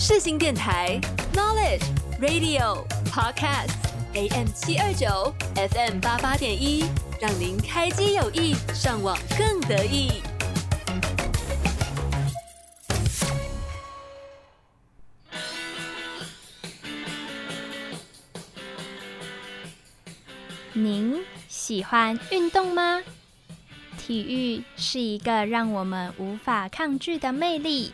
世新電台 Knowledge Radio Podcast AM 七二九 FM 八八點一，讓您開機有意，上網更得意。您喜歡運動嗎？體育是一個讓我們無法抗拒的魅力。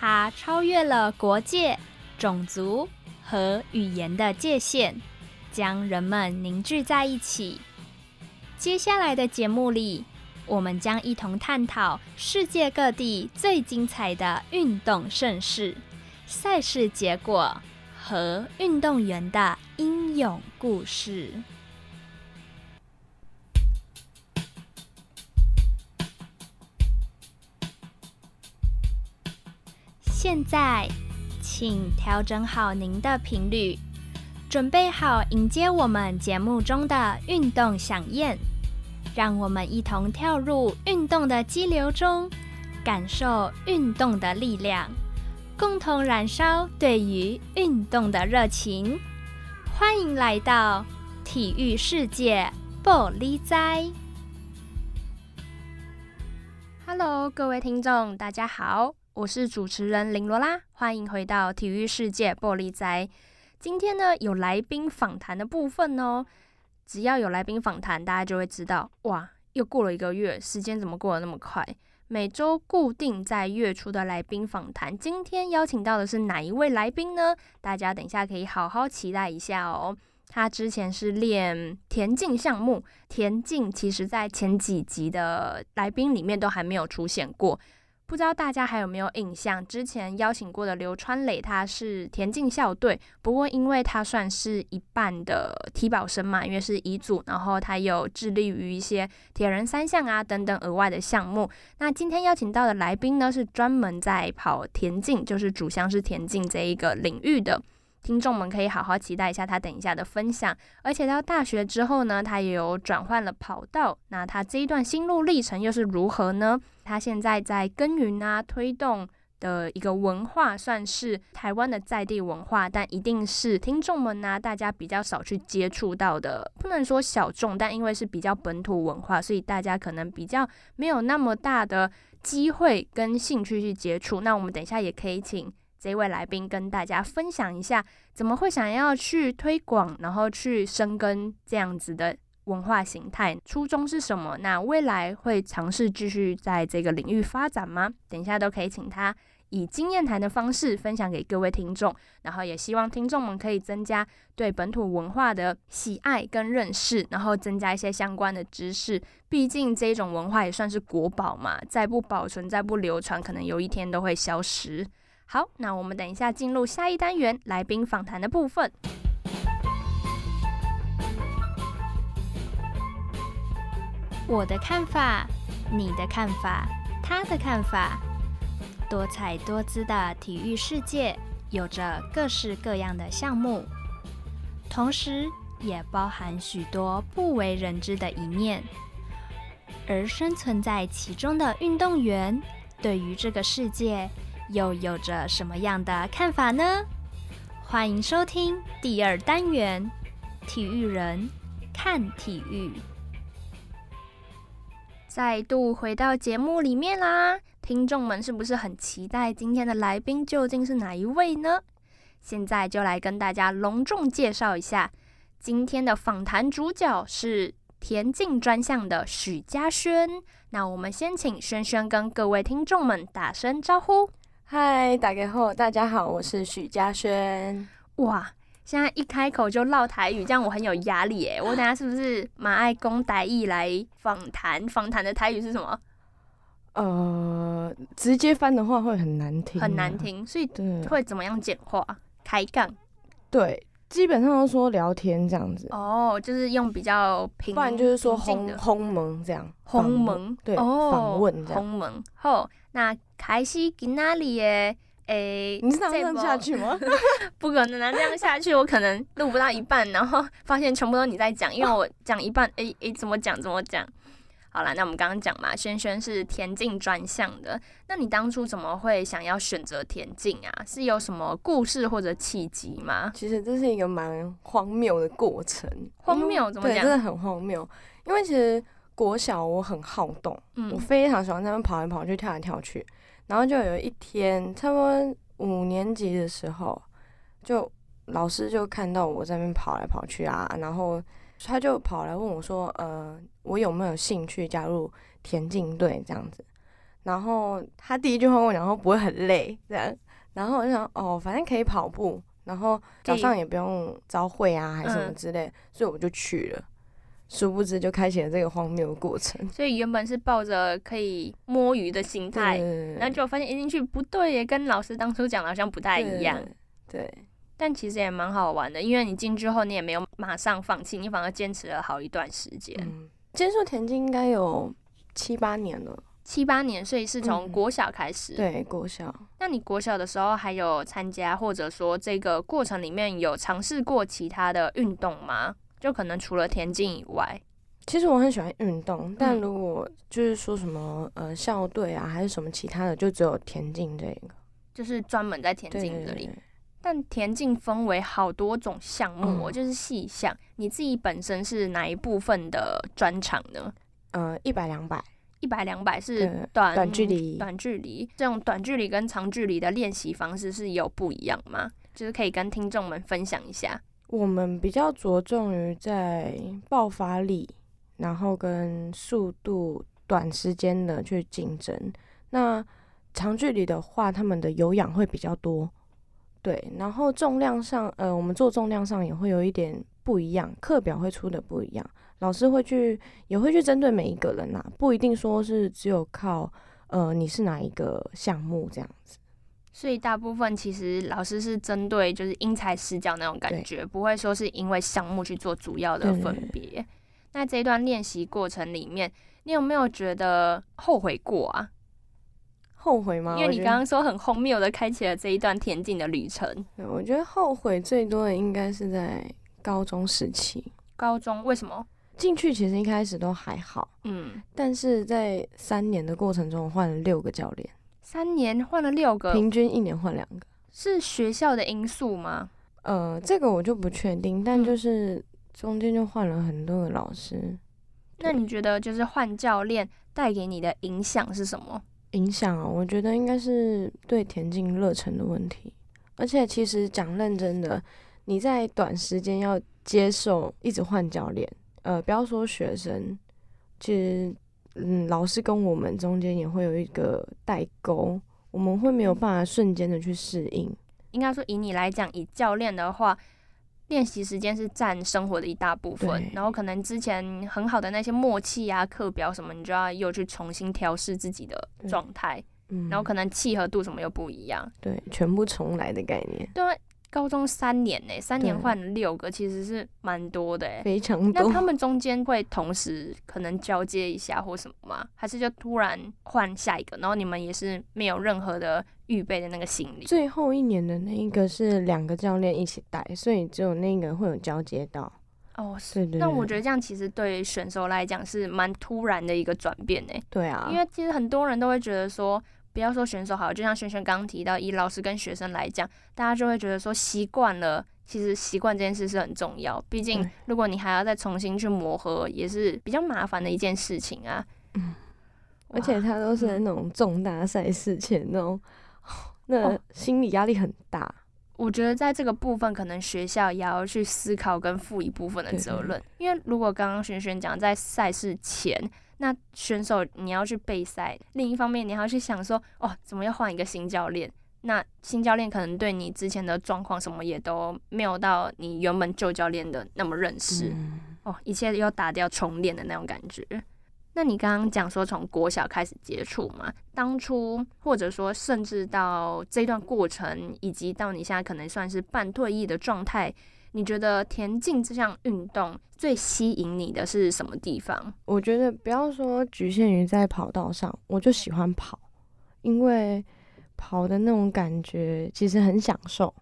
它超越了國界、種族和語言的界限，將人們凝聚在一起。接下來的節目裡，我們將一同探討世界各地最精彩的運動盛事、賽事結果和運動員的英勇故事。現在，請調整好您的頻率，準備好迎接我們節目中的運動饗宴。讓我們一同跳入運動的激流中，感受運動的力量，共同燃燒對於運動的熱情。歡迎來到體育世界，波利哉。Hello，各位聽眾，大家好。我是主持人林羅拉，歡迎回到體育世界玻璃宅。今天呢，有來賓訪談的部分哦，只要有來賓訪談，大家就會知道哇，又過了一個月，時間怎麼過得那麼快？每周固定在月初的來賓訪談，今天邀請到的是哪一位來賓呢？大家等一下可以好好期待一下哦。他之前是練田徑項目，田徑其實在前幾集的來賓裡面都還沒有出現過。不知道大家還有沒有印象？之前邀請過的劉川磊，他是田徑校隊。不過，因為他算是一半的體保生嘛，因為是乙組，然後他有致力於一些鐵人三項啊等等額外的項目。那今天邀請到的來賓呢，是專門在跑田徑，就是主項是田徑這一個領域的。聽眾們可以好好期待一下他等一下的分享。而且到大學之後呢，他也有轉換了跑道。那他這一段心路歷程又是如何呢？他現在在耕耘啊，推動的一個文化算是台灣的在地文化，但一定是聽眾們呢、啊，大家比較少去接觸到的。不能說小眾，但因為是比較本土文化，所以大家可能比較沒有那麼大的機會跟興趣去接觸。那我們等一下也可以請。這位來賓跟大家分享一下，怎麼會想要去推廣，然後去深耕這樣子的文化形態，初衷是什麼？那未來會嘗試繼續在這個領域發展嗎？等一下都可以請他以經驗談的方式分享給各位聽眾，然後也希望聽眾們可以增加對本土文化的喜愛跟認識，然後增加一些相關的知識。畢竟這種文化也算是國寶嘛，再不保存，再不流傳，可能有一天都會消失。好，那我們等一下進入下一單元來賓訪談的部分。我的看法，你的看法，他的看法。多彩多姿的體育世界，有着各式各樣的項目，同時也包含許多不為人知的一面。而生存在其中的運動員，對於這個世界。又有着什麼樣的看法呢？歡迎收聽第二單元《體育人看體育》。再度回到節目裡面啦，聽眾們是不是很期待今天的來賓究竟是哪一位呢？現在就來跟大家隆重介紹一下，今天的訪談主角是田徑專項的許珈瑄。那我們先請瑄瑄跟各位聽眾們打聲招呼。嗨，打開後，大家好，我是許珈瑄。哇，現在一開口就嘮台語，這樣我很有壓力耶。 我等下是不是嘛愛講臺語來訪談？訪談的台語是什麼？呃，直接翻的話會很難聽，很難聽，所以會怎麼樣簡化？開槓，對。槓基本上都說聊天這樣子哦，oh, 就是用比較平，不然就是說轟轟門這樣，轟門問蒙對，訪、oh, 問這樣，轟門。哦。那開始給哪裡耶？誒、欸，你想、 啊、這樣下去嗎？不可能啊，這樣下去我可能錄不到一半，然後發現全部都你在講，因為我講一半，誒、欸、誒、欸，怎麼講怎麼講。好啦，那我們剛剛講嘛，瑄瑄是田徑專項的。那你當初怎麼會想要選擇田徑啊？是有什麼故事或者契機嗎？其實這是一個蠻荒謬的過程。荒謬怎麼講？對，真的很荒謬。因為其實國小我很好動，嗯，我非常喜歡在那邊跑來跑去、跳來跳去。然後就有一天，差不多五年級的時候，就老師就看到我在那邊跑來跑去啊，然後。所以他就跑來問我，說：“呃，我有沒有興趣加入田徑隊這樣子？”然後他第一句話問我，然後不會很累，然然後我就想，哦，反正可以跑步，然後早上也不用早會啊，以還是什麼之類，所以我就去了。嗯，殊不知就開啟了這個荒謬的過程。所以原本是抱着可以摸魚的心態，對然後結果發現一進去不對耶，也跟老師當初講的好像不太一樣，對。對但其實也蠻好玩的，因為你進之後，你也沒有馬上放棄，你反而堅持了好一段時間。嗯，接觸田徑應該有七八年了，七八年，所以是從國小開始。嗯。對，國小。那你國小的時候還有參加，或者說這個過程裡面有嘗試過其他的運動嗎？就可能除了田徑以外，其實我很喜歡運動，但如果就是說什麼呃校隊啊，還是什麼其他的，就只有田徑這個，就是專門在田徑這裡。對對對對。但田徑分為好多種項目。喔，我、嗯、就是細項，你自己本身是哪一部分的專長呢？呃，一百兩百，一百兩百是短短距離，短距離。這種短距離跟長距離的練習方式是有不一樣嗎？就是可以跟聽眾們分享一下。我們比較着重於在爆發力，然後跟速度短時間的去競爭。那長距離的話，他們的有氧會比較多。對，然後重量上，呃，我們做重量上也會有一點不一樣，課表會出的不一樣，老師會去，也會去針對每一個人吶、啊，不一定說是只有靠，呃，你是哪一個項目這樣子。所以大部分其實老師是針對就是因材施教那種感覺，對不會說是因為項目去做主要的分別。對對對，那這一段練習過程裡面，你有沒有覺得後悔過啊？後悔嗎？因為你剛剛說很荒謬的開啟了這一段田徑的旅程。對，我覺得後悔最多的應該是在高中時期。高中為什麼進去？其實一開始都還好，嗯，但是在三年的過程中我換了六個教練。三年換了六個，平均一年換兩個。是學校的因素嗎？呃，這個我就不確定，但就是中間就換了很多個老師。嗯、對那你覺得就是換教練帶給你的影響是什麼？影響啊，我覺得應該是對田徑熱忱的問題。而且其實講認真的，你在短時間要接受一直換教練，呃，不要說學生，其實嗯，老師跟我們中間也會有一個代溝，我們會沒有辦法瞬間的去適應。應該說以你來講，以教練的話。練習時間是佔生活的一大部分，對然後可能之前很好的那些默契啊、課表什麼，你就要又去重新調試自己的狀態，嗯、然後可能契合度什麼又不一樣，對，全部重來的概念。對。高中三年呢，欸，三年換了六個，其實是蠻多的，欸，非常多。那他們中間會同時可能交接一下或什麼嗎？還是就突然換下一個？然後你們也是沒有任何的預備的那個心理？最後一年的那一個是兩個教練一起帶，所以只有那個會有交接到。哦，oh,，是的。那我覺得這樣其實對選手來講是蠻突然的一個轉變，欸，呢。對啊。因為其實很多人都會覺得說。不要說選手好，就像瑄瑄剛剛提到，以老師跟學生來講，大家就會覺得說習慣了。其實習慣這件事是很重要，畢竟如果你還要再重新去磨合，也是比較麻煩的一件事情啊。嗯，而且他都是那種重大賽事前那種，那心理壓力很大。我覺得在這個部分，可能學校也要去思考跟負一部分的責任，對對對，因為如果剛剛瑄瑄講在賽事前。那選手你要去備賽，另一方面你還要去想說，哦，怎麼要換一個新教練？那新教練可能對你之前的狀況什麼也都沒有到你原本舊教練的那麼認識，嗯、哦，一切又要打掉重練的那種感覺。那你剛剛講說從國小開始接觸嘛，當初或者說甚至到這段過程，以及到你現在可能算是半退役的狀態。你覺得田徑這項運動最吸引你的是什麼地方？我覺得不要說侷限於在跑道上，我就喜歡跑，因為跑的那種感覺其實很享受。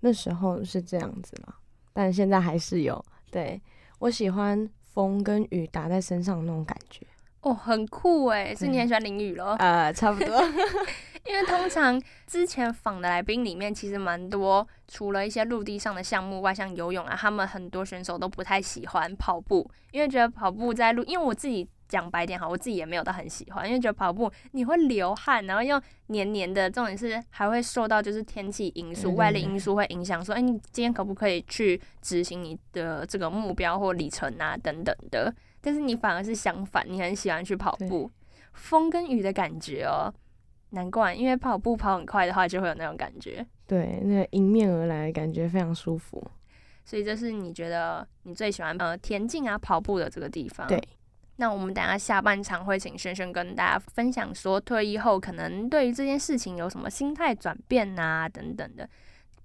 那時候是這樣子嘛。但現在還是有。對，我喜歡風跟雨打在身上的那種感覺，哦，很酷誒。是你很喜歡淋雨咯、嗯？呃，差不多。 因為通常之前訪的來賓裡面，其實蠻多，除了一些陸地上的項目外，像游泳啊，他們很多選手都不太喜歡跑步，因為覺得跑步在陸，因為我自己講白點好，我自己也沒有到很喜歡，因為覺得跑步你會流汗，然後又黏黏的，重點是還會受到就是天氣因素、外力因素會影響，說，欸你今天可不可以去執行你的這個目標或里程啊等等的？但是你反而是相反，你很喜歡去跑步，對風跟雨的感覺喔。難怪，因為跑步跑很快的話，就會有那種感覺。對，那迎面而來感覺非常舒服。所以，這是你覺得你最喜歡呃田徑啊跑步的這個地方。對。那我們等下下半場會請瑄瑄跟大家分享，說退役後可能對於這件事情有什麼心態轉變啊等等的。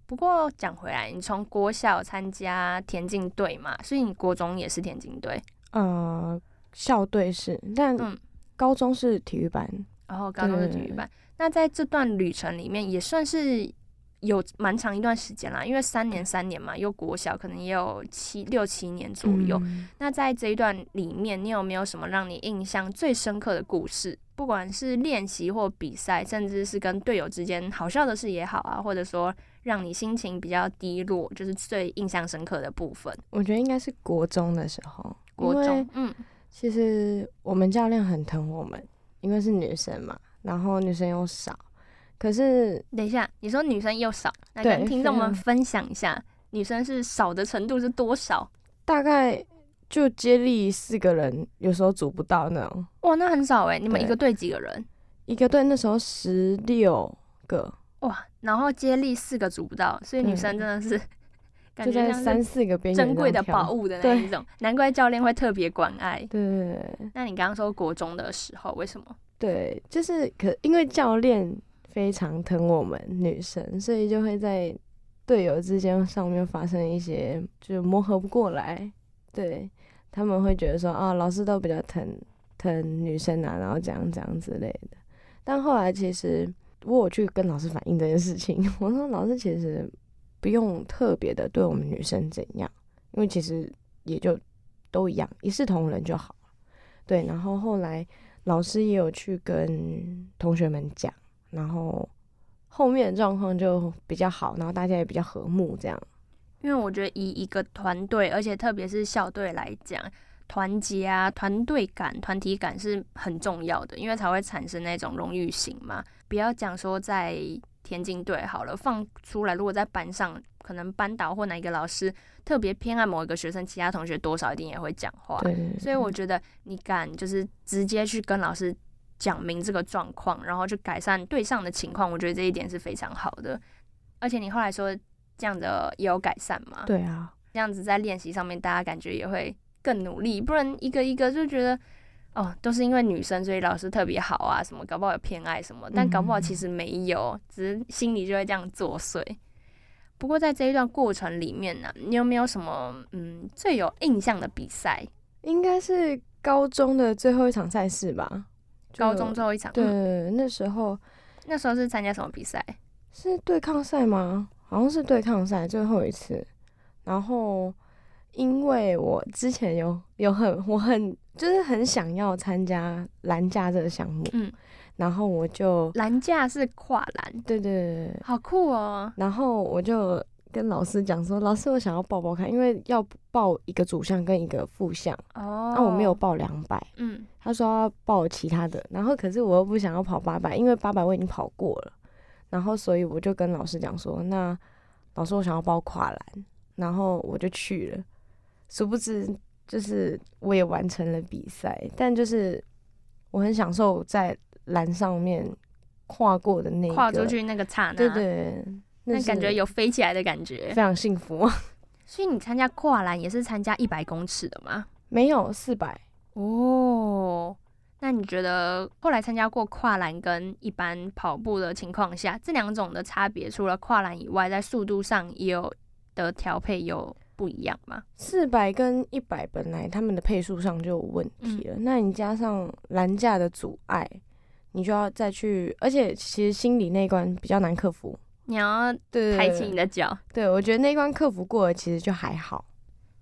不過講回來，你從國校參加田徑隊嘛，所以你國中也是田徑隊。呃，校隊是，但嗯，高中是體育班。嗯然後高中是體育班，對對對對。那在這段旅程裡面也算是有蠻長一段時間啦，因為三年三年嘛，又國小可能也有七六七年左右。嗯、那在這一段裡面，你有沒有什麼讓你印象最深刻的故事？不管是練習或比賽，甚至是跟隊友之間好笑的事也好啊，或者說讓你心情比較低落，就是最印象深刻的部分。我覺得應該是國中的時候，因為國中嗯，其實我們教練很疼我們。因為是女生嘛，然後女生又少，可是等一下，你說女生又少，對，那跟聽眾們分享一下，女生是少的程度是多少？大概就接力四個人，有時候組不到那種。哇，那很少誒，你們一個隊幾個人？一個隊那時候十六個。哇，然後接力四個組不到，所以女生真的是。就在三四個，邊緣，珍貴的寶物的那一種。難怪教練會特別關愛。對，那你剛剛說國中的時候，為什麼？對，就是可因為教練非常疼我們女生，所以就會在隊友之間上面發生一些，就是磨合不過來。對他們會覺得說啊，老師都比較疼疼疼女生啊，然後這樣這樣之類的。但後來其實，如果我有去跟老師反映這件事情，我說老師其實。不用特別的對我們女生怎樣，因為其實也就都一樣，一視同仁就好，對，然後後來老師也有去跟同學們講，然後後面的狀況就比較好，然後大家也比較和睦這樣。因為我覺得以一個團隊，而且特別是校隊來講，團結啊、團隊感、團體感是很重要的，因為才會產生那種榮譽型嘛。不要講說在。田徑隊好了，放出來。如果在班上，可能班導或哪一個老師特別偏愛某一個學生，其他同學多少一定也會講話。對，對。所以我覺得你敢就是直接去跟老師講明這個狀況，然後去改善對上的情況，我覺得這一點是非常好的。而且你後來說這樣子也有改善嘛？對啊，這樣子在練習上面大家感覺也會更努力，不然一個一個就覺得。哦，都是因為女生，所以老師特別好啊，什麼搞不好有偏愛什麼，但搞不好其實沒有，嗯嗯只是心裡就會這樣作祟。不過在這一段過程裡面呢、啊，你有沒有什麼嗯最有印象的比賽？應該是高中的最後一場賽事吧，有高中最後一場。對對，那時候，嗯、那時候是參加什麼比賽？是對抗賽嗎？好像是對抗賽最後一次，然後。因為我之前有有很我很就是很想要參加欄架，這個項目，嗯，然後我就欄架是跨欄，對對對，好酷哦。然後我就跟老師講說，老師我想要報報看，因為要報一個主項跟一個副項，哦，那我沒有報兩百，嗯，他說要報其他的，然後可是我又不想要跑八百，因為八百我已經跑過了，然後所以我就跟老師講說，那老師我想要報跨欄，然後我就去了。殊不知，就是我也完成了比賽，但就是我很享受在欄上面跨過的那個、跨出去那個剎那，對對，那，那感覺有飛起來的感覺，非常幸福。所以你參加跨欄也是參加一百公尺的嗎？沒有，四百哦。那你覺得後來參加過跨欄跟一般跑步的情況下，這兩種的差別，除了跨欄以外，在速度上也有的調配有。不一樣嗎？四百跟一百本來他們的配速上就有問題了，嗯、那你加上欄架的阻礙，你就要再去，而且其實心理那一關比較難克服。你要對，抬起你的腳，對，我覺得那一關克服過了，其實就還好。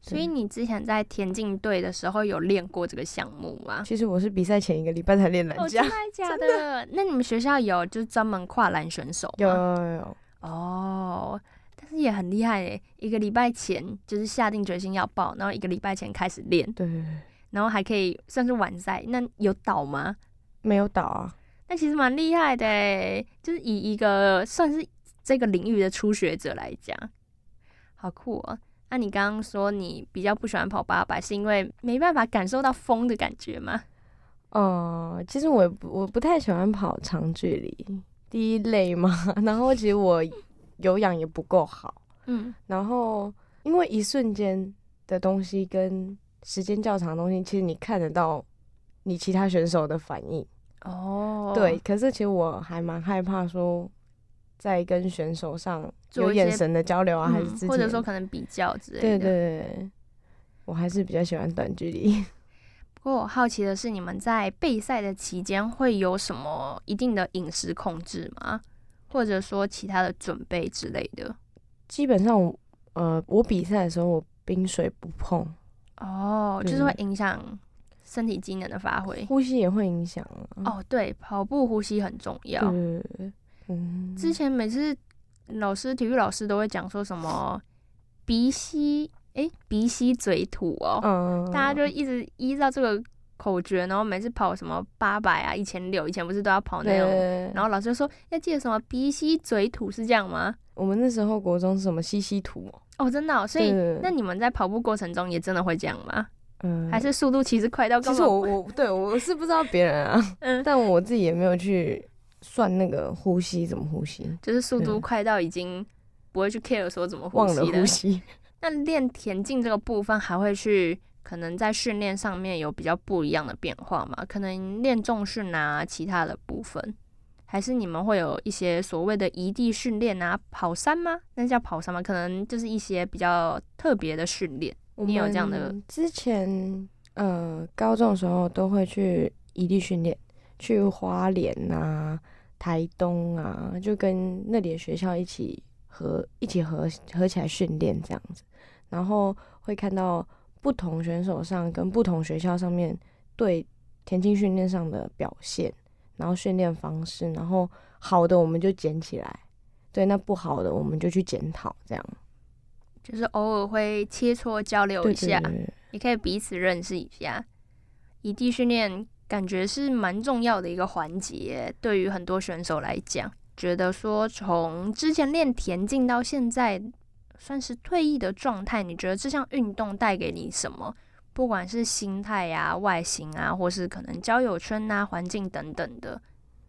所以你之前在田徑隊的時候有練過這個項目嗎？其實我是比賽前一個禮拜才練欄架、哦，真的？真的，那你們學校有就專門跨欄選手嗎？有有有哦。Oh, 這也很厲害耶，一個禮拜前就是下定決心要報，然後一個禮拜前開始練，對，然後還可以算是完賽，那有倒嗎？沒有倒啊，那其實蠻厲害的，就是以一個算是這個領域的初學者來講，好酷、哦、啊！那你剛剛說你比較不喜歡跑八百，是因為沒辦法感受到風的感覺嗎？嗯、呃，其實我我不太喜歡跑長距離，第一累嘛，然後其實我。 有氧也不夠好，嗯，然後因為一瞬間的東西跟時間較長的東西，其實你看得到你其他選手的反應哦，對，可是其實我還蠻害怕說在跟選手上有眼神的交流啊，還是之前、嗯、或者說可能比較之類的，對對對，我還是比較喜歡短距離。不過我好奇的是，你們在備賽的期間會有什麼一定的飲食控制嗎？或者說其他的準備之類的，基本上，呃，我比賽的時候我冰水不碰，哦，對就是會影響身體機能的發揮，呼吸也會影響、啊、哦，對，跑步呼吸很重要。嗯，之前每次老師體育老師都會講說什麼鼻吸，誒，鼻吸、欸、嘴吐哦，嗯、大家就一直依照這個。口訣，然後每次跑什麼八百啊、一千六，以前不是都要跑那種？對然後老師就說要記得什麼鼻吸嘴吐，是這樣嗎？我們那時候國中是什麼吸吸吐嗎？哦，真的哦，所以對那你們在跑步過程中也真的會這樣嗎？嗯，還是速度其實快到？其實我我對，我是不知道別人啊，嗯，但我自己也沒有去算那個呼吸怎麼呼吸，就是速度快到已經不會去 care 說怎麼呼吸了。忘了呼吸。那練田徑這個部分還會去？可能在訓練上面有比較不一樣的變化嘛？可能練重訓啊，其他的部分，還是你們會有一些所謂的移地訓練啊，跑山嗎？那叫跑山嗎？可能就是一些比較特別的訓練。你有這樣的。之前呃，高中的時候都會去移地訓練，去花蓮啊、台東啊，就跟那裡的學校一起合一起合合起來訓練這樣子，然後會看到。不同選手上跟不同學校上面對田徑訓練上的表現，然後訓練方式，然後好的我們就撿起來，對，那不好的我們就去檢討，這樣，就是偶爾會切磋交流一下，對對對對，也可以彼此認識一下。異地訓練感覺是蠻重要的一個環節，對於很多選手來講，覺得說從之前練田徑到現在。算是退役的狀態，你覺得這項運動帶給你什麼？不管是心態呀、啊、外形啊，或是可能交友圈啊、環境等等的，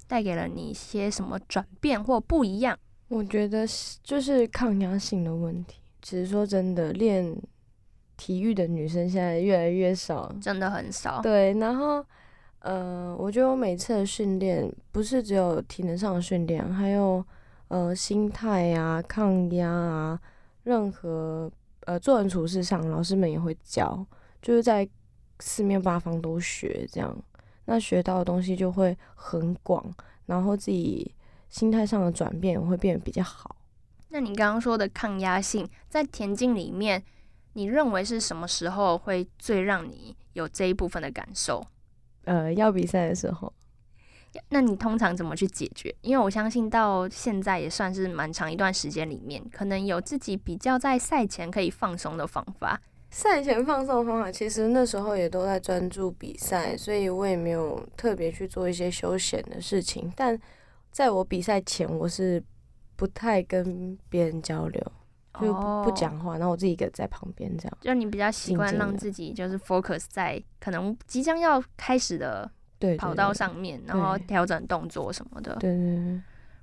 帶給了你一些什麼轉變或不一樣？我覺得就是抗壓性的問題。只是說真的，練體育的女生現在越來越少，真的很少。對，然後，呃，我覺得我每次的訓練不是只有體能上的訓練，還有呃，心態啊、抗壓啊。任何呃做人處事上，老師們也會教，就是在四面八方都學這樣，那學到的東西就會很廣，然後自己心態上的轉變也會變得比較好。那你剛剛說的抗壓性，在田徑裡面，你認為是什麼時候會最讓你有這一部分的感受？呃，要比賽的時候。那你通常怎麼去解決？因為我相信到現在也算是蠻長一段時間裡面，可能有自己比較在賽前可以放鬆的方法。賽前放鬆的方法，其實那時候也都在專注比賽，所以我也沒有特別去做一些休閒的事情。但在我比賽前，我是不太跟別人交流，oh, 就不講話，然後我自己一個人在旁邊這樣。就你比較習慣讓自己就是 focus 在可能即將要開始的。對對對跑道上面，然後調整動作什麼的。對，對對對，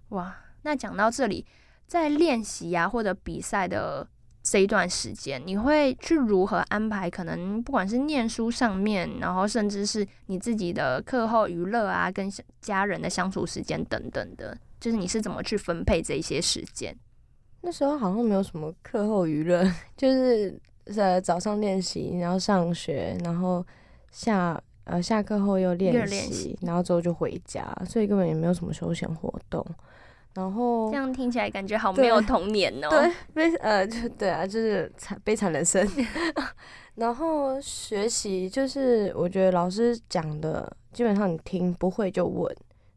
哇，那講到這裡，在練習啊或者比賽的這一段時間，你會去如何安排？可能不管是念書上面，然後甚至是你自己的課後娛樂啊，跟家人的相處時間等等的，就是你是怎麼去分配這些時間？那時候好像沒有什麼課後娛樂，就是在早上練習，然後上學，然後下。呃，下課後又練習，然後之後就回家，所以根本也沒有什麼休閒活動。然後這樣聽起來感覺好沒有童年哦、喔。對，呃，就對啊，就是慘，悲慘人生。 然後學習就是我覺得老師講的基本上你聽不會就問，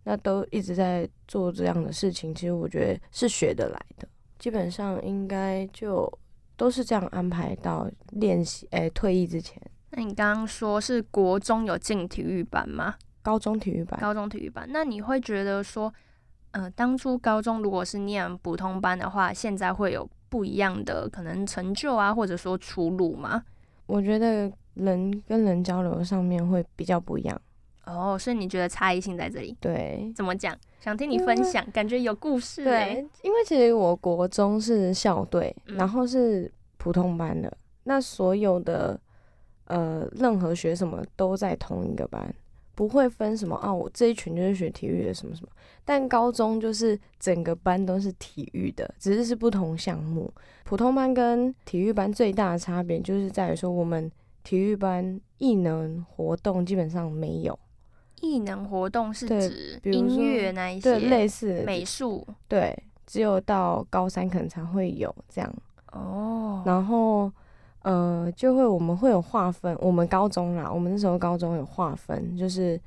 那都一直在做這樣的事情。其實我覺得是學得來的，基本上應該就都是這樣安排到練習，欸，退役之前。那你剛剛說是國中有進體育班嗎？高中體育班，高中體育班。那你會覺得說，呃，當初高中如果是念普通班的話，現在會有不一樣的可能成就啊，或者說出路嗎？我覺得人跟人交流上面會比較不一樣。哦，所以你覺得差異性在這裡？對，怎麼講？想聽你分享，因為，感覺有故事。對，因為其實我國中是校隊，然後是普通班的，嗯，那所有的。呃，任何學什麼都在同一個班，不會分什麼啊。我這一群就是學體育的，什麼什麼。但高中就是整個班都是體育的，只是是不同項目。普通班跟體育班最大的差別就是在於說，我們體育班藝能活動基本上沒有。藝能活動是指，比如音樂那一些，對，類似美術。對，只有到高三可能才會有這樣。哦。Oh. 然後。呃，就會我們會有劃分，我們高中啦，我們那時候高中有劃分，就是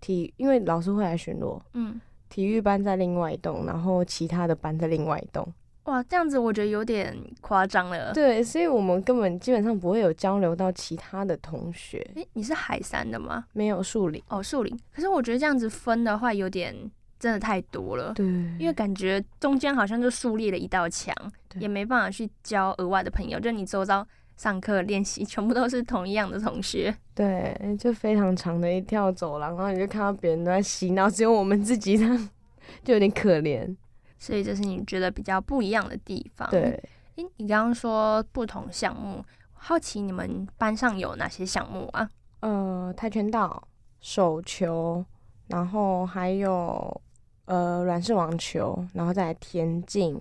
體，因為老師會來巡邏，嗯，體育班在另外一棟，然後其他的班在另外一棟。哇，這樣子我覺得有點誇張了。對，所以，我們根本基本上不會有交流到其他的同學。誒，你是海山的嗎？沒有樹林哦，樹林。可是我覺得這樣子分的話，有點真的太多了。對，因為感覺中間好像就樹立了一道牆，對也沒辦法去交額外的朋友，就你周遭。上課練習全部都是同一樣的同學，對，就非常長的一條走廊，然後你就看到別人都在嬉鬧，只有我們自己，就有點可憐。所以這是你覺得比較不一樣的地方。對，誒、欸，你剛剛說不同項目，好奇你們班上有哪些項目啊？呃，跆拳道、手球，然後還有呃軟式網球，然後再來田徑，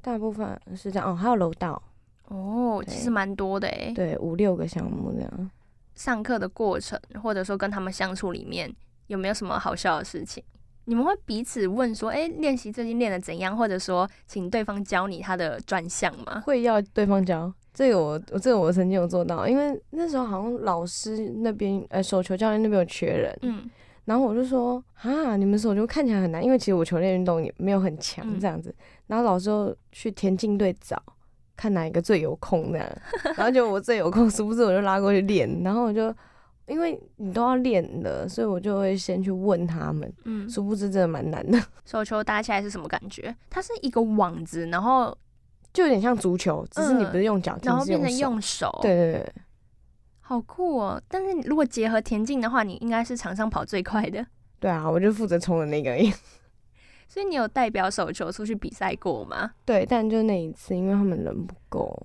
大部分是這樣哦，還有柔道。哦，oh, 對其實蠻多的哎，對，五六個項目這樣。上課的過程，或者說跟他們相處裡面有沒有什麼好笑的事情？你們會彼此問說，哎、欸，練習最近練得怎樣？或者說，請對方教你他的專項嗎？會要對方教，這個我，這個我曾經有做到，因為那時候好像老師那邊，呃、欸，手球教練那邊有缺人，嗯，然後我就說，啊，你們手球看起來很難，因為其實我球類運動也沒有很強這樣子，嗯、然後老師就去田徑隊找。看哪一個最有空的，然後就我最有空，殊 不知我就拉過去練，然後我就因為你都要練的，所以我就會先去問他們。嗯，殊不知真的蠻難的。手球打起來是什麼感覺？它是一個網子，然後就有點像足球，只是你不是用腳踢，呃，然後變成用手。對對對，好酷哦！但是如果結合田徑的話，你應該是場上跑最快的。對啊，我就負責衝的那個。所以你有代表手球出去比賽過嗎？對，但就那一次，因為他們人不夠，我，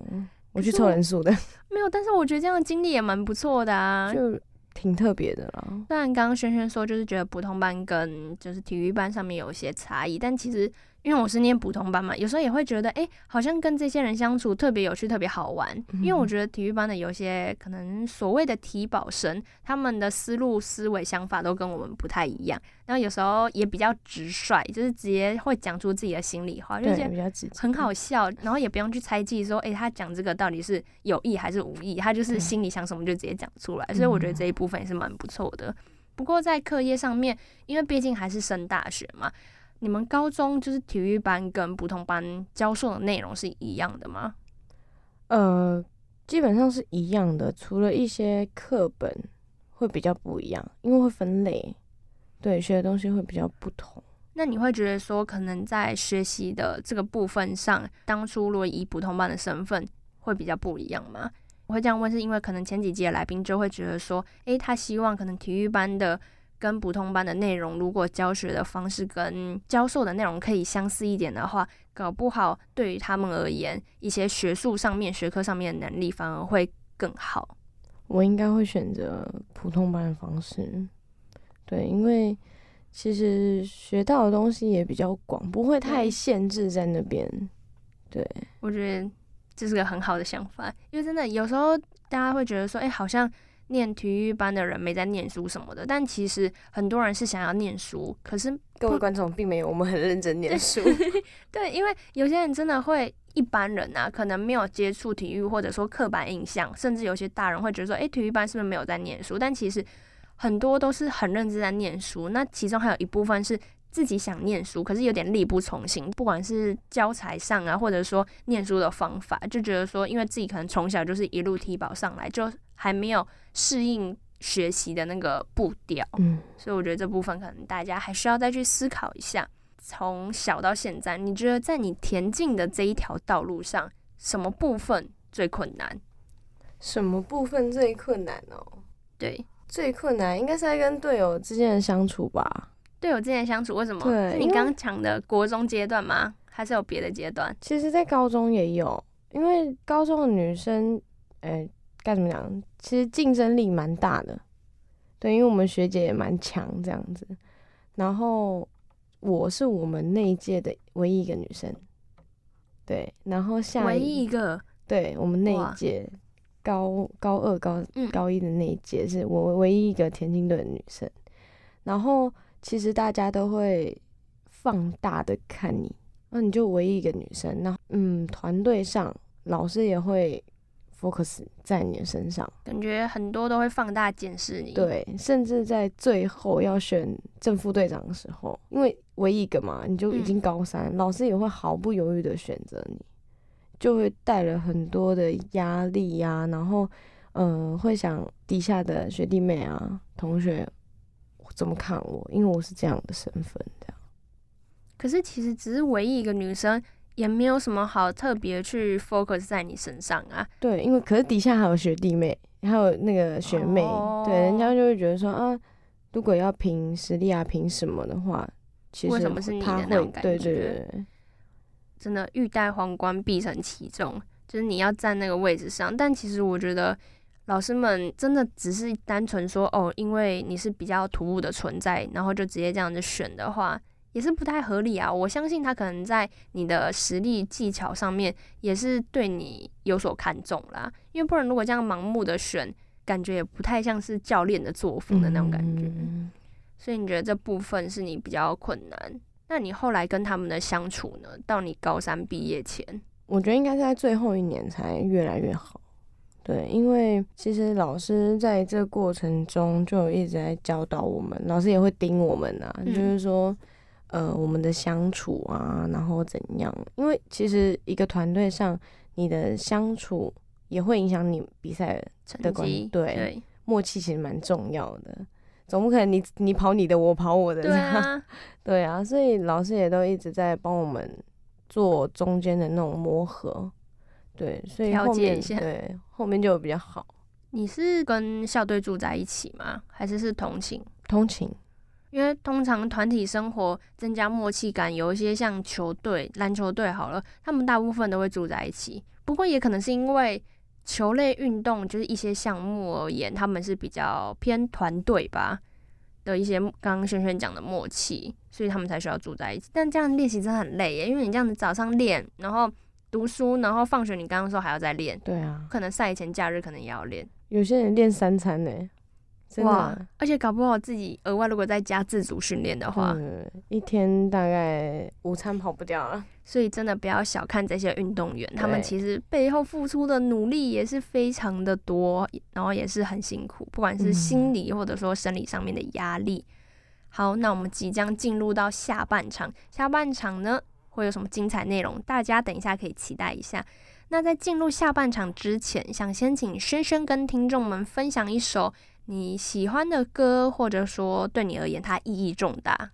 我去湊人數的。沒有，但是我覺得這樣的經歷也蠻不錯的啊，就挺特別的啦。雖然剛剛瑄瑄說，就是覺得普通班跟就是體育班上面有一些差異，但其實。因為我是念普通班嘛，有時候也會覺得，哎、欸，好像跟這些人相處特別有趣，特別好玩。嗯、哼因為我覺得體育班的有些可能所謂的體保生，他們的思路，思維，想法都跟我們不太一樣。然後有時候也比較直率，就是直接會講出自己的心裡話，對就是很好笑。然後也不用去猜忌說，哎、欸，他講這個到底是有意還是無意，他就是心裡想什麼就直接講出來。嗯、哼所以我覺得這一部分也是蠻不錯的。不過在課業上面，因為畢竟還是升大學嘛。你們高中就是體育班跟普通班教授的內容是一樣的嗎？呃，基本上是一樣的，除了一些課本會比較不一樣，因為會分類，對，學的東西會比較不同。那你會覺得說，可能在學習的這個部分上，當初如果以普通班的身份，會比較不一樣嗎？我會這樣問，是因為可能前幾屆來賓就會覺得說，誒，他希望可能體育班的。跟普通班的內容，如果教學的方式跟教授的內容可以相似一點的話，搞不好對於他們而言，一些學術上面、學科上面的能力反而會更好。我應該會選擇普通班的方式，對，因為其實學到的東西也比較廣，不會太限制在那邊。對，我覺得這是個很好的想法，因為真的有時候大家會覺得說，哎、欸，好像。念體育班的人沒在念書什麼的，但其實很多人是想要念書。可是各位觀眾並沒有，我們很認真念書對。對，因為有些人真的會一般人啊，可能沒有接觸體育，或者說刻板印象，甚至有些大人會覺得說，誒，體育班是不是沒有在念書？但其實很多都是很認真在念書。那其中還有一部分是自己想念書，可是有點力不從心，不管是教材上啊，或者說念書的方法，就覺得說，因為自己可能從小就是一路體保上來就。還沒有適應學習的那個步調，嗯，所以我覺得這部分可能大家還需要再去思考一下。從小到現在，你覺得在你田徑的這一條道路上，什麼部分最困難？什麼部分最困難哦？對，最困難應該是在跟隊友之間的相處吧。隊友之間相處，為什麼？對你剛剛講的國中階段嗎？為還是有別的階段？其實，在高中也有，因為高中的女生，欸該怎麼講？講其實競爭力蠻大的，對，因為我們學姐也蠻強這樣子。然後我是我們那一屆的唯一一個女生，對。然後下一唯一一個對，我們那一屆高哇高二、高高一的那一屆是我唯一一個田徑隊的女生。嗯、然後其實大家都會放大的看你，那、啊、你就唯一一個女生。那嗯，團隊上老師也會。focus 在你的身上，感覺很多都會放大檢視。你，對，甚至在最後要選正副隊長的時候，因為唯一一個嘛，你就已經高三，嗯、老師也會毫不猶豫的選擇你，就會帶了很多的壓力呀、啊。然後，嗯、呃，會想底下的學弟妹啊、同學怎麼看我，因為我是這樣的身份，這樣。可是其實只是唯一一個女生。也沒有什麼好特別去 focus 在你身上啊。對，因為可是底下還有學弟妹，還有那個學妹，哦、對，人家就會覺得說啊，如果要憑實力啊，憑什麼的話，其實他會，為什麼是你那種感覺,對對對，真的欲戴皇冠必承其重，就是你要站那個位置上。但其實我覺得老師們真的只是單純說哦，因為你是比較突兀的存在，然後就直接這樣子選的話。也是不太合理啊！我相信他可能在你的實力、技巧上面也是對你有所看重啦。因為不然如果這樣盲目的選，感覺也不太像是教練的作風的那種感覺。嗯，所以你覺得這部分是你比較困難？那你後來跟他們的相處呢？到你高三畢業前，我覺得應該是在最後一年才越來越好。對，因為其實老師在這過程中就一直在教導我們，老師也會盯我們啊，嗯，就是說。呃，我們的相處啊，然後怎樣？因為其實一個團隊上，你的相處也會影響你比賽的成績。對，對默契其實蠻重要的，總不可能你你跑你的，我跑我的這樣。對啊。對啊。所以老師也都一直在幫我們做中間的那種磨合。對，所以後面調解一下對，後面就比較好。你是跟校隊住在一起嗎？還是是通勤？通勤？因為通常團體生活增加默契感，有一些像球隊、籃球隊好了，他們大部分都會住在一起。不過也可能是因為球類運動就是一些項目而言，他們是比較偏團隊吧的一些剛剛瑄瑄講的默契，所以他們才需要住在一起。但這樣練習真的很累耶，因為你這樣子早上練，然後讀書，然後放學，你剛剛說還要再練，對啊，可能賽前假日可能也要練。有些人練三餐呢、欸。哇！而且搞不好自己額外如果在家自主訓練的話、嗯，一天大概五餐跑不掉了。所以真的不要小看這些運動員，對他們其實背後付出的努力也是非常的多，然後也是很辛苦，不管是心理或者說生理上面的壓力。嗯、好，那我們即將進入到下半場，下半場呢會有什麼精彩內容？大家等一下可以期待一下。那在進入下半場之前，想先請瑄瑄跟聽眾們分享一首。你喜歡的歌，或者說對你而言它意義重大。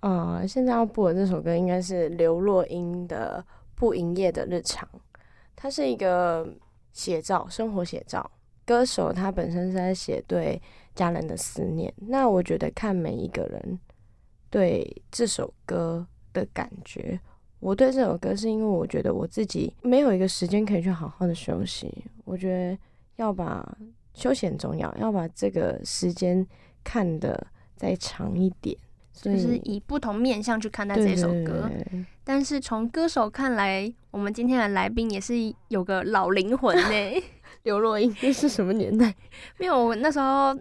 呃，現在要播的這首歌應該是劉若英的《不營業的日常》，它是一個寫照，生活寫照。歌手他本身是在寫對家人的思念。那我覺得看每一個人對這首歌的感覺，我對這首歌是因為我覺得我自己沒有一個時間可以去好好的休息，我覺得要把。休息很重要，要把這個時間看得再長一點，所以就是以不同面向去看待這首歌。對對對對，但是從歌手看來，我們今天的來賓也是有個老靈魂呢。劉 若英，那 是什麼年代？ 沒有，我那時候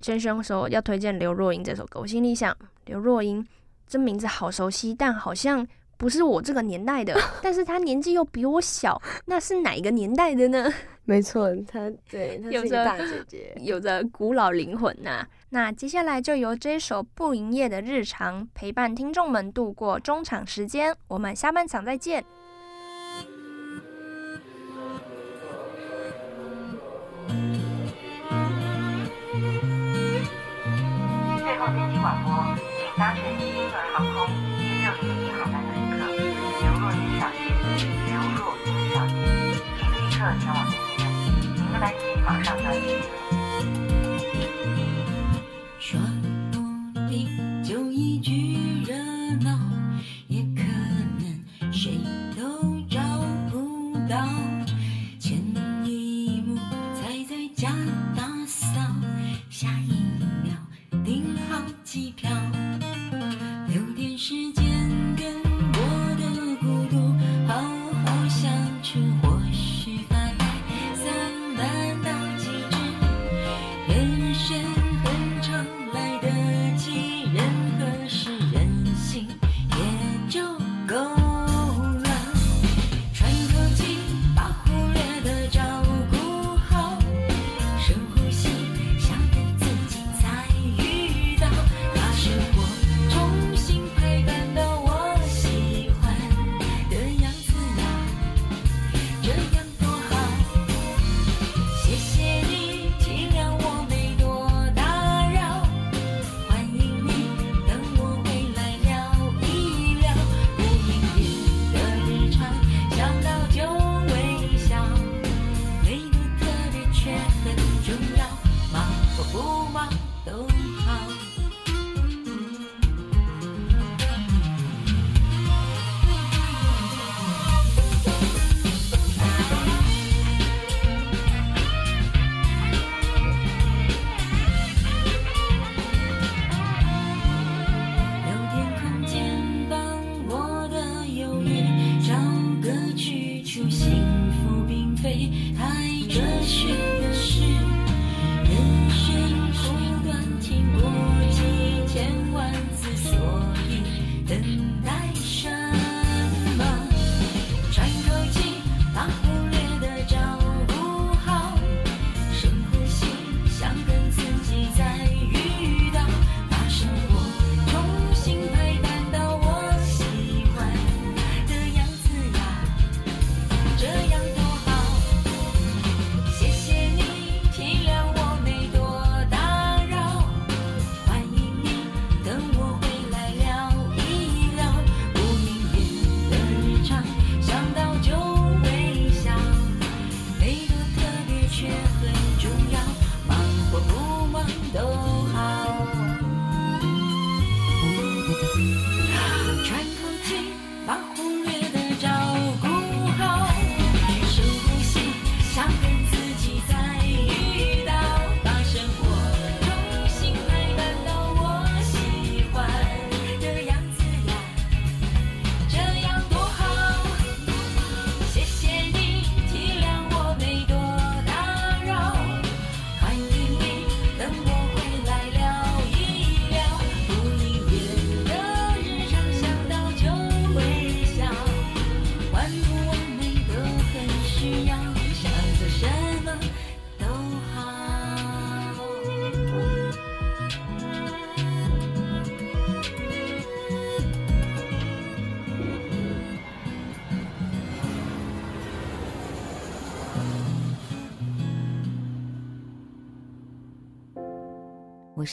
萱萱說要推薦劉若英這首歌，我心裡想，劉若英這名字好熟悉，但好像。不是我這個年代的， 但是他年紀又比我小，那是哪個年代的呢？沒錯，他 對他是一個大姐姐，有着古老靈魂吶、啊。 那接下來就由這一首不營業的日常陪伴聽眾們度過中場時間，我們下半場再見。最後，緊急廣播，請當。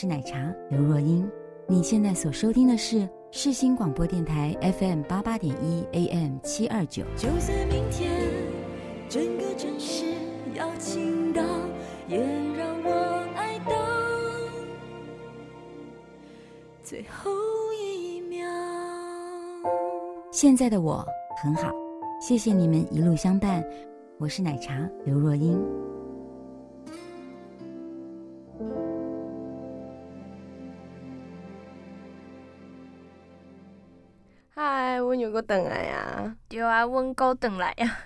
我是奶茶劉若英，你現在所收聽的是世新廣播電台 FM 八八點一 AM 七二九，就算明天整個城市要傾倒，也讓我愛到最後一秒。現在的我很好，謝謝你們一路相伴，我是奶茶劉若英。等來呀，對啊，溫高等來呀，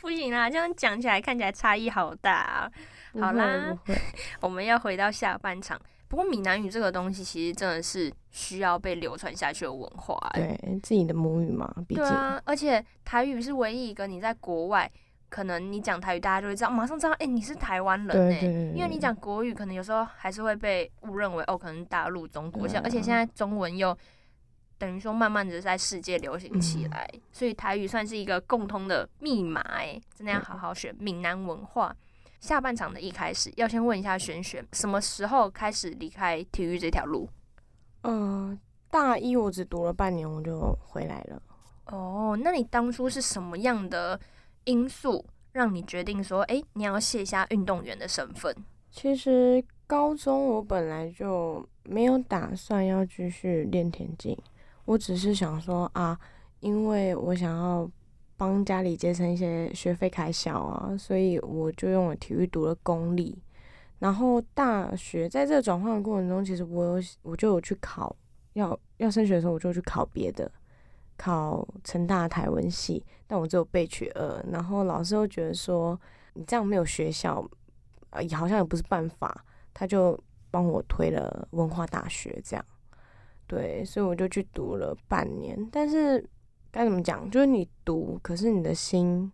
不行啦，這樣講起來看起來差異好大啊。好啦，不會不會 我們要回到下半場。不過閩南語這個東西，其實真的是需要被流傳下去的文化，對，自己的母語嘛。 對啊，而且台語是唯一一個你在國外，可能你講台語，大家就會知道，馬上知道，哎、欸，你是台灣人哎。對對對。因為你講國語，可能有時候還是會被誤認為哦，可能大陸中國人，像而且現在中文又。等於說，慢慢的在世界流行起來，嗯、所以台語算是一個共通的密碼、欸。真的要好好學閩南文化。嗯、下半場的一開始，要先問一下瑄瑄，什麼時候開始離開體育這條路？嗯、呃，大一我只讀了半年，我就回來了。哦，那你當初是什麼樣的因素讓你決定說，哎、欸，你要卸下運動員的身份？其實高中我本來就沒有打算要繼續練田徑。我只是想說啊，因為我想要幫家裡節省一些學費開銷啊，所以我就用了體育讀了公立，然後大學在這轉換的過程中，其實我我就有去考，要要升學的時候，我就去考別的，考成大台文系，但我只有備取二，然後老師又覺得說你這樣沒有學校，也好像也不是辦法，他就幫我推了文化大學這樣。對，所以我就去讀了半年，但是該怎麼講？就是你讀，可是你的心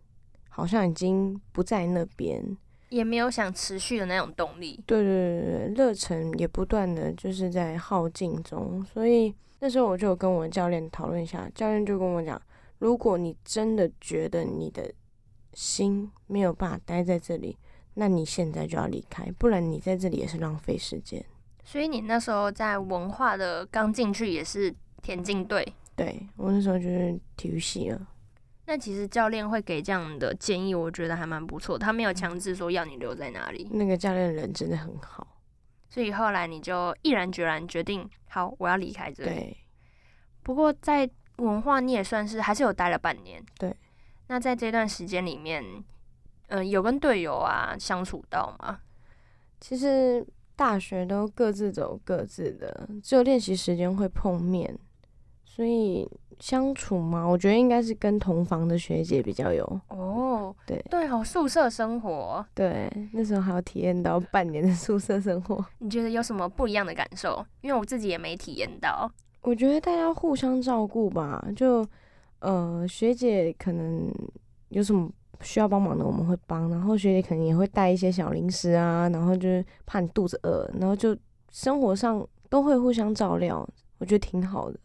好像已經不在那邊，也沒有想持續的那種動力。對對對對對，熱忱也不斷的就是在耗盡中。所以那時候我就跟我教練討論一下，教練就跟我講：如果你真的覺得你的心沒有辦法待在這裡，那你現在就要離開，不然你在這裡也是浪費時間。所以你那時候在文化的剛進去也是田徑隊？對，我那時候就是體育系了。那其實教練會給這樣的建議，我覺得還蠻不錯。他沒有強制說要你留在那裡。那個教練人真的很好，所以後來你就毅然決然決定，好，我要離開這裡。對。不過在文化你也算是還是有待了半年。對。那在這段時間裡面，嗯、呃，有跟隊友啊相處到嗎？其實。大學都各自走各自的，只有練習時間會碰面，所以相處嘛，我覺得應該是跟同房的學姐比較有哦。Oh, 對對，好，宿舍生活。對，那時候還要體驗到半年的宿舍生活， 你覺得有什麼不一樣的感受？因為我自己也沒體驗到。我覺得大家互相照顧吧，就呃，學姐可能有什麼。需要幫忙的我們會幫，然後學姐肯定也會帶一些小零食啊，然後就是怕你肚子餓，然後就生活上都會互相照料，我覺得挺好的。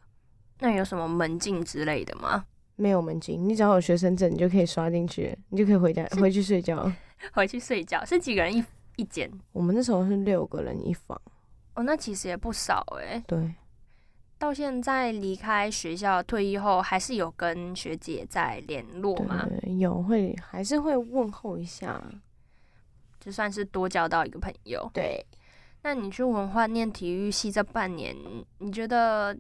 那有什麼門禁之類的嗎？沒有門禁，你只要有學生證，你就可以刷進去，你就可以回家是回去睡覺。回去睡覺是幾個人一一間？我們那時候是六個人一房哦，那其實也不少哎、欸。對。到現在離開學校退役後，還是有跟學姐在聯絡嗎？對對對，有，會還是會問候一下，就算是多交到一個朋友。對，那你去文化念體育系這半年，你覺得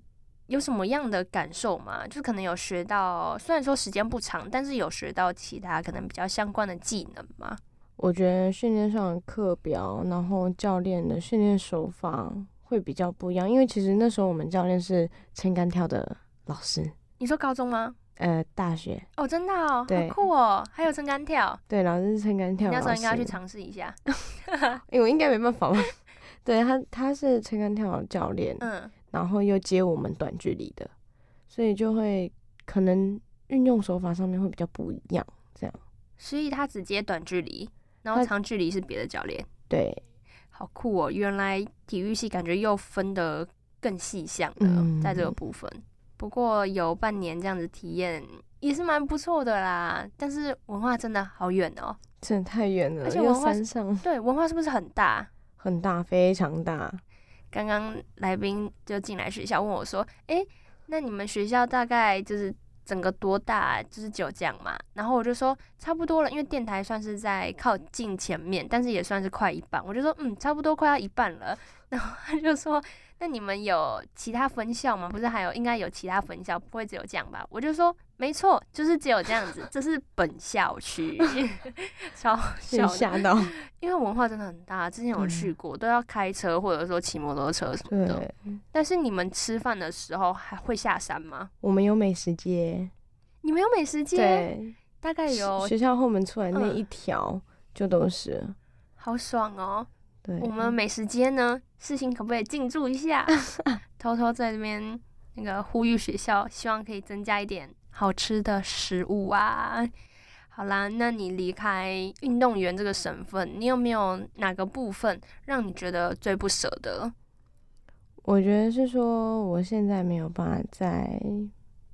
有什麼樣的感受嗎？就可能有學到，雖然說時間不長，但是有學到其他可能比較相關的技能嗎？我覺得訓練上的課表，然後教練的訓練手法，會比較不一樣，因為其實那時候我們教練是撐桿跳的老師。你說高中嗎？呃，大學。哦，真的哦，好對酷哦，還有撐桿跳。對，老師是撐桿跳老師。那時候你應該要去嘗試一下，因 為、欸、我應該沒辦法 對他，他是撐桿跳教練，嗯、然後又接我們短距離的，所以就會可能運用手法上面會比較不一樣，這樣。所以他只接短距離，然後長距離是別的教練。對。好酷哦！原來體育系感覺，又分得更細項了，嗯、在這個部分。不過有半年這樣子體驗也是蠻不錯的啦。但是文化真的好遠哦，真的太遠了，而且文化對，文化是不是很大？ 很大，非常大。剛剛來賓就進來學校問我說：“誒、欸，那你們學校大概就是？”整個多大就是，就這樣嘛，然後我就說差不多了，因為電台算是在靠近前面，但是也算是快一半，我就說嗯，差不多快要一半了，然後他就說。那你們有其他分校嗎？不是還有，應該有其他分校，不會只有這樣吧？我就說沒錯，就是只有這樣子， 這是本校區。 超嚇的到！因為文化真的很大，之前有去過，嗯、都要開車或者說騎摩托車什麼的。對。但是你們吃飯的時候還會下山嗎？我們有美食街。你們有美食街？對大概有學校後門出來那一條、嗯、就都是。好爽哦、喔。對我們美食街呢，事情可不可以進駐一下？ 偷偷在這邊那個呼籲學校，希望可以增加一點好吃的食物啊。好啦，那你離開運動員這個身份，你有沒有哪個部分讓你覺得最不舍得？我覺得是說，我現在沒有辦法在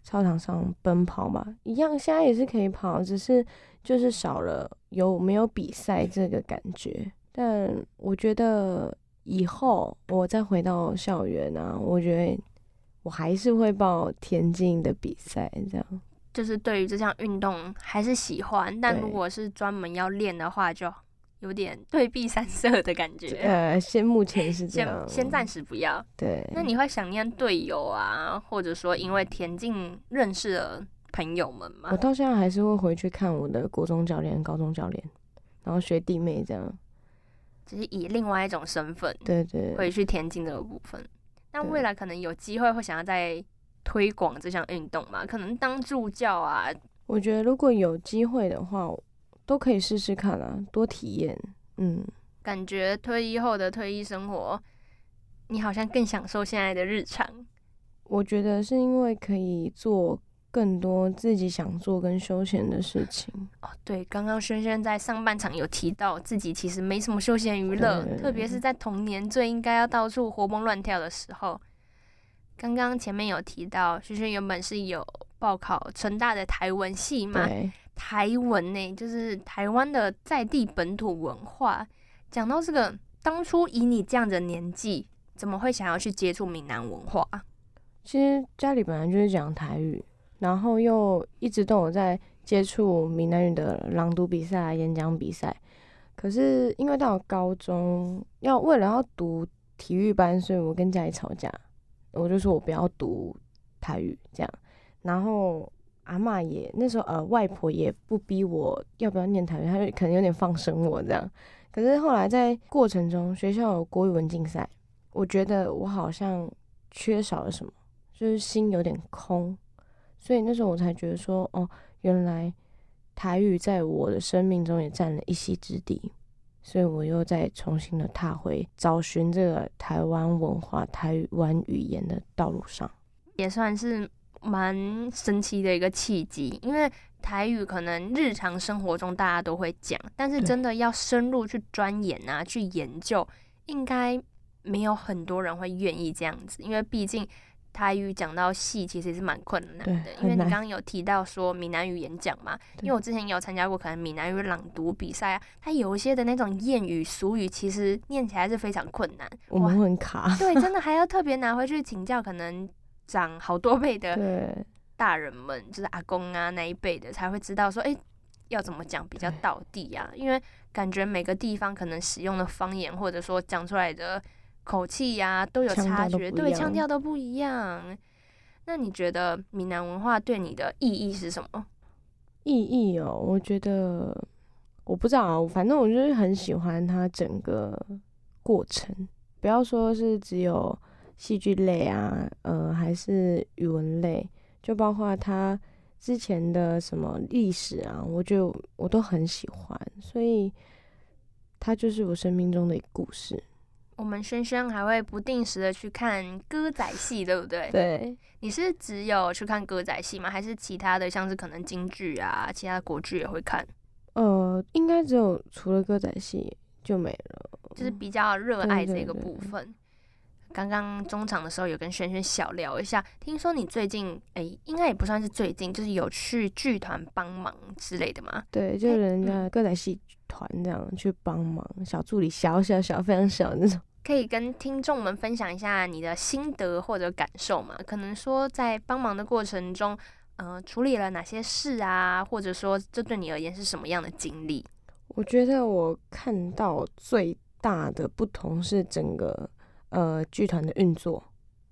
操場上奔跑嘛，一樣現在也是可以跑，只是就是少了有沒有比賽這個感覺。但我覺得以後我再回到校園啊，我覺得我還是會報田徑的比賽。這樣，就是對於這項運動還是喜歡。但如果是專門要練的話，就有點退避三舍的感覺。呃，先目前是這樣，先暫時不要。對。那你會想念隊友啊，或者說因為田徑認識的朋友們嗎？我到現在還是會回去看我的國中教練、高中教練，然後學弟妹這樣。只是以另外一種身份，對對，回去田徑的部分。那對未來可能有機會會想要再推廣這項運動嘛？可能當助教啊？我覺得如果有機會的話，都可以試試看啦，多體驗。嗯，感覺退役後的退役生活，你好像更享受現在的日常。我覺得是因為可以做。更多自己想做跟休閒的事情哦。對，剛剛瑄瑄在上半場有提到自己其實沒什麼休閒娛樂，對對對，特別是在童年最應該要到處活蹦亂跳的時候。剛剛前面有提到，瑄瑄原本是有報考成大的台文系嘛？對台文呢、欸，就是台灣的在地本土文化。講到這個，當初以你這樣的年紀，怎麼會想要去接觸閩南文化？其實家裡本來就是講台語。然後又一直都有在接觸閩南語的朗讀比賽、演講比賽，可是因為到了高中要為了要讀體育班，所以我跟家裡吵架，我就說我不要讀台語這樣。然後阿嬤也那時候呃外婆也不逼我要不要念台語，她就可能有點放生我這樣。可是後來在過程中，學校有國語文競賽，我覺得我好像缺少了什麼，就是心有點空。所以那時候我才覺得說，哦，原來台語在我的生命中也佔了一席之地，所以我又再重新的踏回找尋這個台灣文化、台灣語言的道路上，也算是蠻神奇的一個契機。因為台語可能日常生活中大家都會講，但是真的要深入去鑽研啊，嗯，去研究，應該沒有很多人會願意這樣子，因為畢竟。台語講到戲，其實也是蠻困難的，難因為你剛剛有提到說閩南語演講嘛，對因為我之前有參加過，可能閩南語朗讀比賽啊，對他有一些的那種諺語俗語，其實念起來是非常困難，我們很卡，哇 對，真的還要特別拿回去請教，可能長好多輩的大人們，對就是阿公啊那一輩的才會知道說，哎、欸，要怎麼講比較道地啊，對因為感覺每個地方可能使用的方言，或者說講出來的。口氣呀、啊，都有差距，腔。對，腔調都不一樣。那你覺得閩南文化對你的意義是什麼？意義哦，我覺得我不知道啊，反正我就是很喜歡它整個過程。不要說是只有戲劇類啊，呃，還是語文類，就包括它之前的什麼歷史啊，我就我都很喜歡，所以它就是我生命中的一個故事。我們瑄瑄還會不定時的去看歌仔戲，對不對？對。你是只有去看歌仔戲嗎？還是其他的，像是可能京劇啊，其他的國劇也會看？呃，應該只有除了歌仔戲就沒了，就是比較熱愛這個部分。剛剛中場的時候有跟瑄瑄小聊一下，聽說你最近哎、欸，應該也不算是最近，就是有去劇團幫忙之類的嗎？對，就是人家歌仔戲。欸嗯團這樣去幫忙，小助理，小小小非常小的那種，可以跟聽眾們分享一下你的心得或者感受嗎？可能說在幫忙的過程中，嗯、呃，處理了哪些事啊，或者說這對你而言是什麼樣的經歷？我覺得我看到最大的不同是整個呃劇團的運作，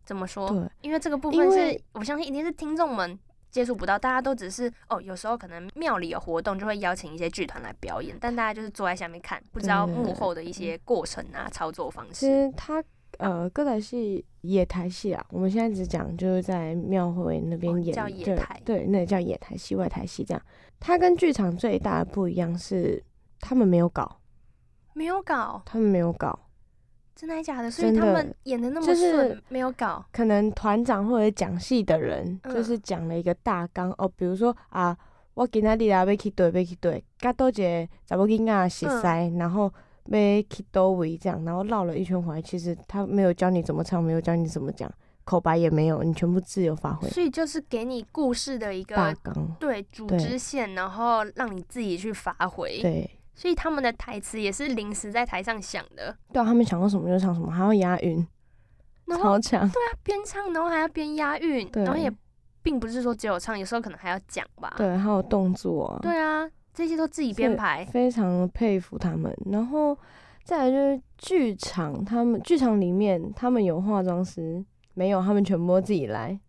怎麼說？對，因為這個部分是因為我相信一定是聽眾們。接觸不到，大家都只是哦，有時候可能廟裡有活動，就會邀請一些劇團來表演，但大家就是坐在下面看，不知道幕後的一些過程啊、對對對操作方式。其實它呃，歌仔戲野台戲啊，我們現在只講就是在廟會那邊演，哦、叫野台。對，對，那叫野台戲、外台戲這樣。它跟劇場最大的不一樣是，他們沒有搞，沒有搞，他們沒有搞。真的還是假的？的所以他們演的那麼順，就是沒有搞？可能團長或者講戲的人，嗯、就是講了一個大綱哦，比如說啊，我今仔日啊要去對，要去對，加多幾個查某囡仔識西，嗯、然後要去多位這樣，然後繞了一圈回來。其實他沒有教你怎麼唱，沒有教你怎麼講，口白也沒有，你全部自由發揮。所以就是給你故事的一個大綱綱，對，組織線，對然後讓你自己去發揮。對。所以他們的台詞也是臨時在台上想的，對啊，他們想到什麼就唱什麼，還要押韻，超強。對啊，邊唱然後還要邊押韻，對，然後也並不是說只有唱，有時候可能還要講吧。對，還有動作啊。對啊，這些都自己編排。非常佩服他們。然後再來就是劇場，他們劇場裡面他們有化妝師沒有？他們全部都自己來。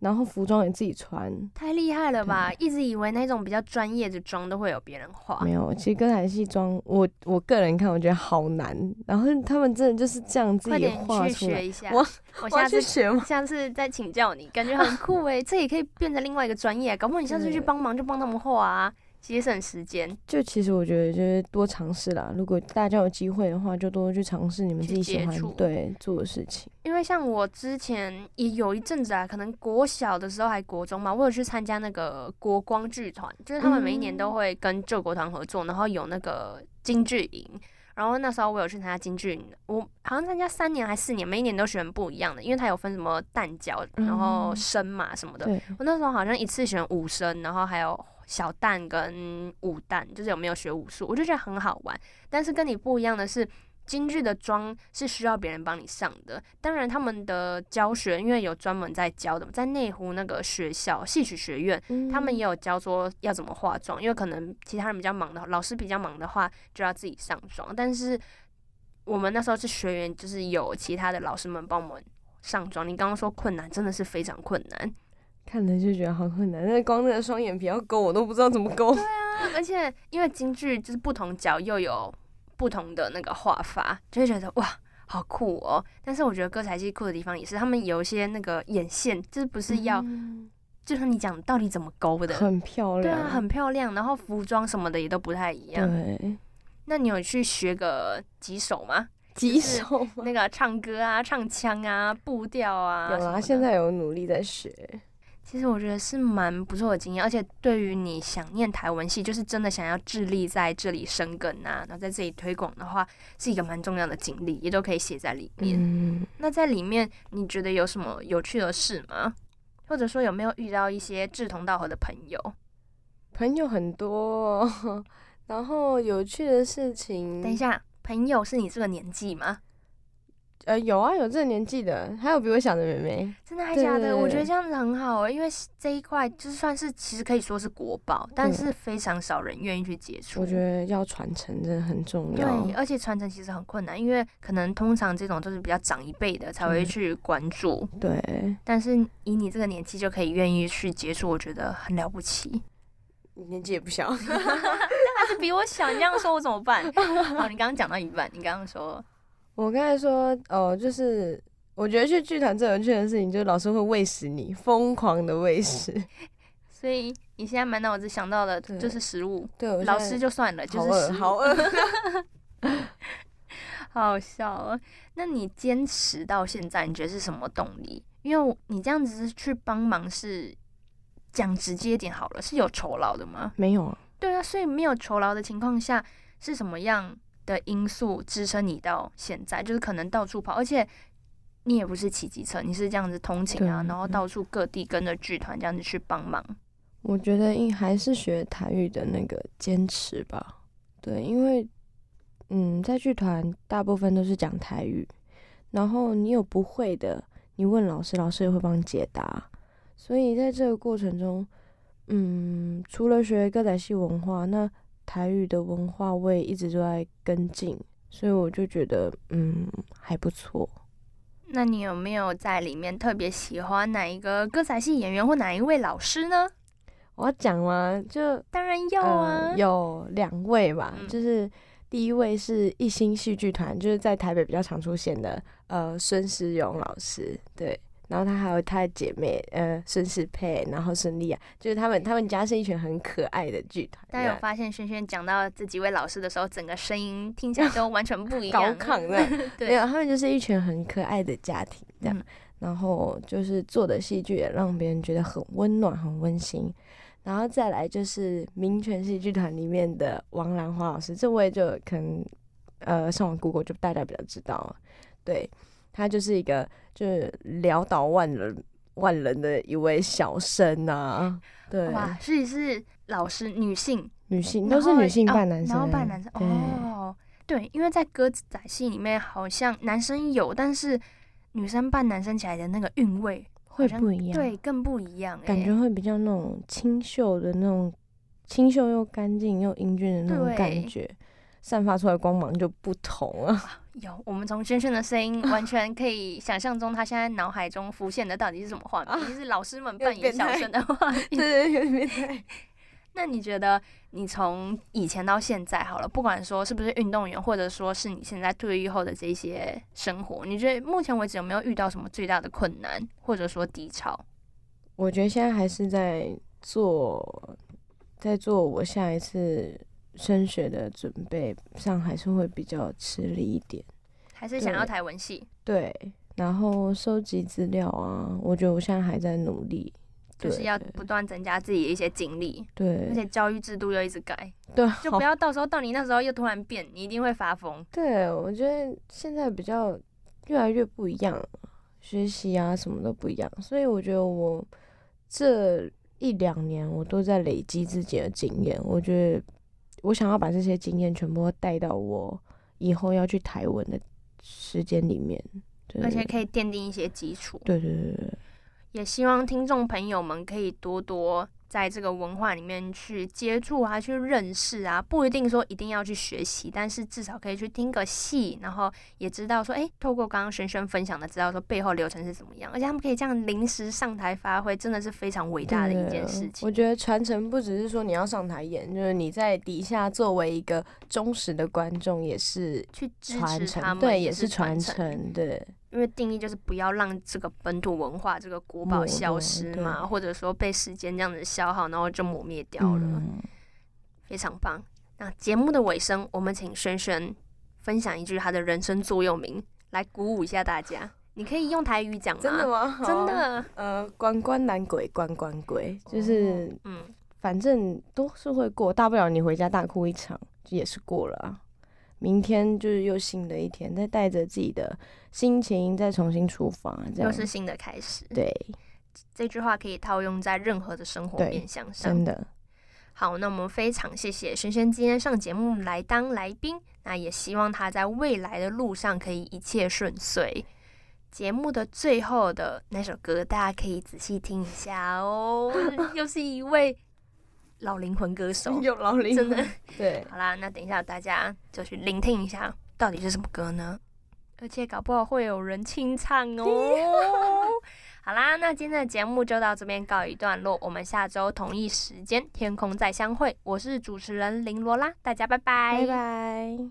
然後服裝也自己穿，太厲害了吧！對一直以為那種比較專業的妝都會有別人化，沒有。其實剛才西裝，我我個人看，我覺得好難。然後他們真的就是這樣自己畫出來。我我下次我去學嗎？下次再請教你，感覺很酷誒 這也可以變成另外一個專業，搞不好你下次去幫忙就幫他們畫啊。節省時間，就其實我覺得就是多嘗試啦。如果大家有機會的話，就多去嘗試你們自己喜歡對做的事情。因為像我之前也有一陣子啊，可能國小的時候還國中嘛，我有去參加那個國光劇團，就是他們每一年都會跟救國團合作，嗯、然後有那個京劇營。然後那時候我有去參加京劇營，我好像參加三年還四年，每一年都選不一樣的，因為他有分什麼旦角，然後生嘛什麼的。嗯、我那時候好像一次選武生，然後還有。小旦跟武旦就是有沒有學武術，我就覺得很好玩。但是跟你不一樣的是，京劇的妝是需要別人幫你上的。當然，他們的教學因為有專門在教的，在內湖那個學校戲曲學院，嗯、他們也有教說要怎麼化妝。因為可能其他人比較忙的話，老師比較忙的話，就要自己上妝。但是我們那時候是學員，就是有其他的老師們幫我們上妝。你剛剛說困難，真的是非常困難。看着就覺得好困難，那光那個雙眼皮要勾，我都不知道怎麼勾？對啊，而且因為京劇就是不同角又有不同的那個畫法，就會覺得哇，好酷哦、喔。但是我覺得歌仔戲酷的地方也是，他們有一些那個眼線，就是不是要，嗯、就是你講到底怎麼勾的，很漂亮，對啊，很漂亮。然後服裝什麼的也都不太一樣。對，那你有去學個幾首嗎？幾首那個唱歌啊，唱腔啊，步調啊，有啊，現在有努力在學。其實我覺得是蠻不錯的經驗，而且對於你想念台文系，就是真的想要致力在這裡生根啊，然後在這裡推廣的話，是一個蠻重要的經歷，也都可以寫在裡面。嗯。那在裡面你覺得有什麼有趣的事嗎？或者說有沒有遇到一些志同道合的朋友？朋友很多，然後有趣的事情。等一下，朋友是你這個年紀嗎？呃，有啊，有這個年紀的，還有比我小的妹妹。真的還假的？對對對對，我覺得這樣子很好，因為這一塊就算是其實可以說是國寶，對，但是非常少人願意去接觸。我覺得要傳承真的很重要。對，而且傳承其實很困難，因為可能通常這種都是比較長一輩的才會去關注。對，但是以你這個年紀就可以願意去接觸，我覺得很了不起。你年紀也不小， 但還是比我小？ 你這樣說我怎麼辦？好，你剛剛講到一半，你剛剛說。我剛才說，哦，就是我覺得去劇團最有趣的事情，就是老師會餵食你，瘋狂的餵食。所以你現在滿腦子想到的，就是食物。對，對，老師就算了，就是食物。好餓，好餓，好笑哦。那你堅持到現在，你覺得是什麼動力？因為你這樣子是去幫忙，是講直接一點好了，是有酬勞的嗎？沒有啊。對啊，所以沒有酬勞的情況下，是什麼樣？的因素支撐你到現在，就是可能到處跑，而且你也不是騎機車，你是這樣子通勤啊，對然後到處各地跟着劇團這樣子去幫忙。我覺得應還是學台語的那個堅持吧。對，因為嗯，在劇團大部分都是講台語，然後你有不會的，你問老師，老師也會幫你解答。所以在這個過程中，嗯，除了學歌仔戲文化，那台語的文化味一直都在跟進，所以我就覺得，嗯，還不錯。那你有沒有在裡面特別喜歡哪一個歌仔戲演員或哪一位老師呢？我講了、啊，就當然要啊、呃，有兩位吧，嗯、就是第一位是一心戲劇團，就是在台北比較常出現的，呃，孫詩詠老師，對。然後她還有她的姐妹，呃，孫世佩，然後孫儷啊，就是她們她們家是一群很可愛的劇團。但有發現瑄瑄樣講到這幾位老師的時候，整個聲音聽起來都完全不一樣， 高亢的。 對，沒有，他們就是一群很可愛的家庭，這樣。嗯、然後就是做的戲劇也讓別人覺得很溫暖、很溫馨。然後再來就是民權戲劇團裡面的王蘭花老師，這位就可能，呃，上網 Google 就大家比較知道了。對，她就是一個。就是潦倒萬人，萬人的一位小生啊，對，哇，所以是老師，女性，女性，後都是女性扮男生，哦、然後扮男生，對哦，對，因為在歌仔戲裡面，好像男生有，但是女生扮男生起來的那個韻味會不一樣，對，更不一樣，欸，感覺會比較那種清秀的那種，清秀又乾淨又英俊的那種感覺。散發出來光芒就不同了。啊、有，我們從軒軒的聲音完全可以想象中，他現在腦海中浮現的到底是什麼畫面？是、啊、老師們扮演小生的畫面。對對對。 那你覺得，你從以前到現在好了，不管說是不是運動員，或者說是你現在退役後的這些生活，你覺得目前為止有沒有遇到什麼最大的困難，或者說低潮？我覺得現在還是在做，在做我下一次。升學的準備上還是會比較吃力一點，還是想要台文系？對，對，然後收集資料啊，我覺得我現在還在努力，就是要不斷增加自己的一些經歷。對，而且教育制度又一直改，對，就不要到時候 到你那時候又突然變，你一定會發瘋。對，我覺得現在比較越來越不一樣，學習啊什麼都不一樣，所以我覺得我這一兩年我都在累積自己的經驗，我覺得。我想要把這些經驗全部帶到我以後要去台灣的時間裡面，對對對對，而且可以奠定一些基礎。對對對，對，也希望聽眾朋友們可以多多。在這個文化裡面去接觸啊，去認識啊，不一定說一定要去學習，但是至少可以去聽個戲，然後也知道說，哎、欸，透過剛剛瑄瑄分享的，知道說背後流程是怎麼樣。而且他們可以這樣臨時上台發揮，真的是非常偉大的一件事情。我覺得傳承不只是說你要上台演，就是你在底下作為一個忠實的觀眾，也是去傳承，對，也是傳承，對。因為定義就是不要讓這個本土文化、這個國寶消失嘛，或者說被時間這樣子消耗，然後就磨滅掉了。嗯、非常棒！那節目的尾聲，我們請軒軒分享一句他的人生座右銘，來鼓舞一下大家。你可以用台語講嗎？真的嗎？Oh, 真的。呃，關關難過，關關過，就是、哦、嗯，反正都是會過，大不了你回家大哭一場，也是過了啊。明天就是又新的一天，再帶着自己的心情再重新出發，這樣又是新的開始。對，這句話可以套用在任何的生活面向上。真的，好，那我們非常謝謝瑄瑄今天上節目來當來賓，那也希望他在未來的路上可以一切順遂。節目的最後的那首歌，大家可以仔細聽一下哦， 又是一位。老靈魂歌手， 老靈魂真的對。好啦，那等一下大家就去聆聽一下，到底是什麼歌呢？而且搞不好會有人清唱哦。 好啦，那今天的節目就到這邊告一段落，我們下周同一時間天空再相會。我是主持人林羅拉，大家拜拜，拜拜。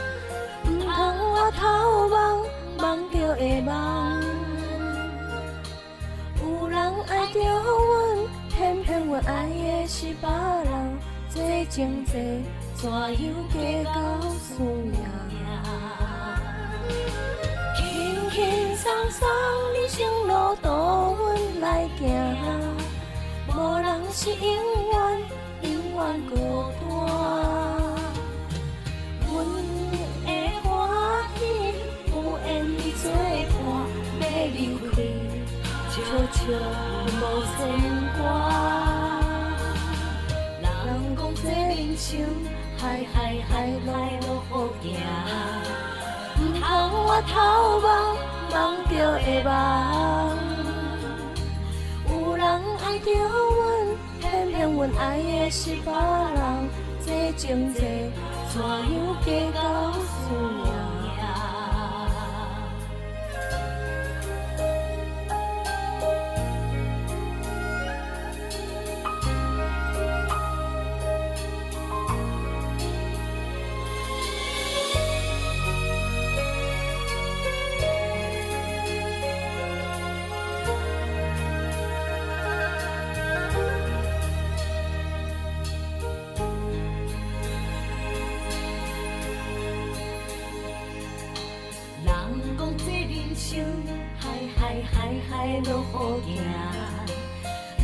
我頭、啊、望，望著會忘。有人愛着阮，偏偏阮愛的是別人。這情債，怎樣計較輸贏？輕輕鬆鬆，人想路途，托阮來行。無人是永遠，永遠孤單。人講這人生，海海海海路好行，毋通我頭殼望著會茫。有人愛着阮，偏偏阮愛的是別人。這情債，怎樣計較輸贏？路好行，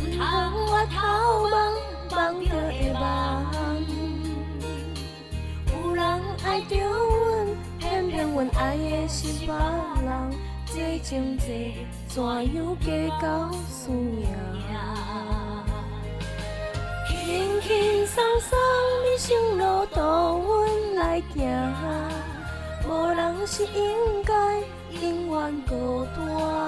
毋通越頭望，望著會茫。有人愛着阮，偏偏阮愛的是別人。這情債，怎樣計較輸贏？輕輕鬆鬆，人生路由阮來行。無人是應該永遠孤單。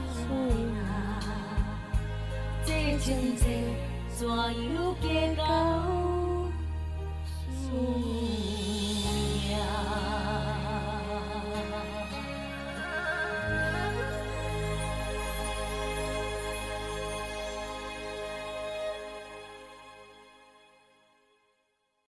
啊，這情債怎樣計較？嗯嗯。